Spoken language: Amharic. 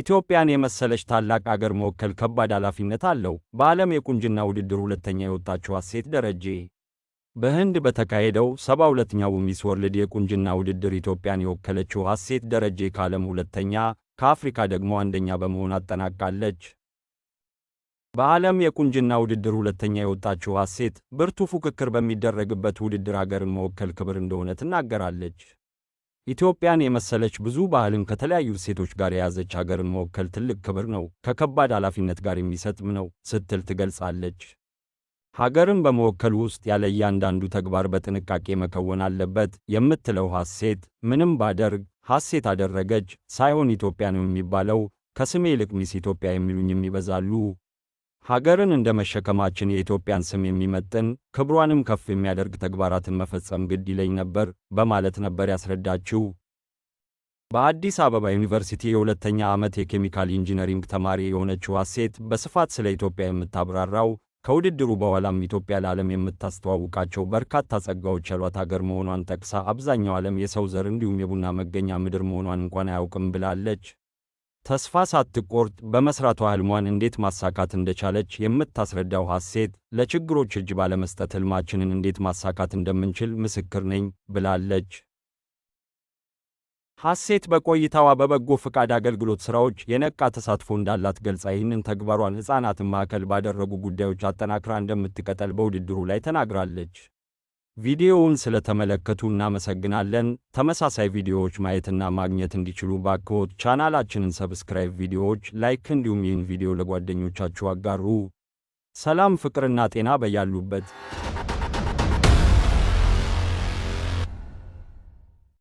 ኢትዮጵያን የመሰለች ታላቅ አገር መወከል ከባድ ኃላፊነት አለው። በዓለም የቁንጅና ውድድር ሁለተኛ የወጣችው ሀሴት ደረጄ በህንድ በተካሄደው ሰባ ሁለተኛው ሚስ ወርልድ የቁንጅና ውድድር ኢትዮጵያን የወከለችው ሀሴት ደረጄ ከዓለም ሁለተኛ፣ ከአፍሪካ ደግሞ አንደኛ በመሆን አጠናቃለች። በዓለም የቁንጅና ውድድር ሁለተኛ የወጣችው ሀሴት ብርቱ ፉክክር በሚደረግበት ውድድር አገርን መወከል ክብር እንደሆነ ትናገራለች። ኢትዮጵያን የመሰለች ብዙ ባህልን ከተለያዩ እሴቶች ጋር የያዘች ሀገርን መወከል ትልቅ ክብር ነው፣ ከከባድ ኃላፊነት ጋር የሚሰጥም ነው ስትል ትገልጻለች። ሀገርን በመወከል ውስጥ ያለ እያንዳንዱ ተግባር በጥንቃቄ መከወን አለበት የምትለው ሐሴት ምንም ባደርግ ሐሴት አደረገች ሳይሆን ኢትዮጵያ ነው የሚባለው ከስሜ ይልቅ ሚስ ኢትዮጵያ የሚሉኝ ይበዛሉ ሀገርን እንደ መሸከማችን የኢትዮጵያን ስም የሚመጥን ክብሯንም ከፍ የሚያደርግ ተግባራትን መፈጸም ግድ ይለኝ ነበር በማለት ነበር ያስረዳችው። በአዲስ አበባ ዩኒቨርሲቲ የሁለተኛ ዓመት የኬሚካል ኢንጂነሪንግ ተማሪ የሆነችው ሀሴት በስፋት ስለ ኢትዮጵያ የምታብራራው ከውድድሩ በኋላም ኢትዮጵያ ለዓለም የምታስተዋውቃቸው በርካታ ጸጋዎች ያሏት አገር መሆኗን ጠቅሳ አብዛኛው ዓለም የሰው ዘር እንዲሁም የቡና መገኛ ምድር መሆኗን እንኳን አያውቅም ብላለች። ተስፋ ሳትቆርጥ በመስራቷ ህልሟን እንዴት ማሳካት እንደቻለች የምታስረዳው ሐሴት ለችግሮች እጅ ባለመስጠት ህልማችንን እንዴት ማሳካት እንደምንችል ምስክር ነኝ ብላለች። ሐሴት በቆይታዋ በበጎ ፈቃድ አገልግሎት ሥራዎች የነቃ ተሳትፎ እንዳላት ገልጻ ይህንን ተግባሯን ሕፃናትን ማዕከል ባደረጉ ጉዳዮች አጠናክራ እንደምትቀጠል በውድድሩ ላይ ተናግራለች። ቪዲዮውን ስለተመለከቱ እናመሰግናለን። ተመሳሳይ ቪዲዮዎች ማየትና ማግኘት እንዲችሉ ባክዎት ቻናላችንን ሰብስክራይብ፣ ቪዲዮዎች ላይክ እንዲሁም ይህን ቪዲዮ ለጓደኞቻችሁ አጋሩ። ሰላም፣ ፍቅርና ጤና በያሉበት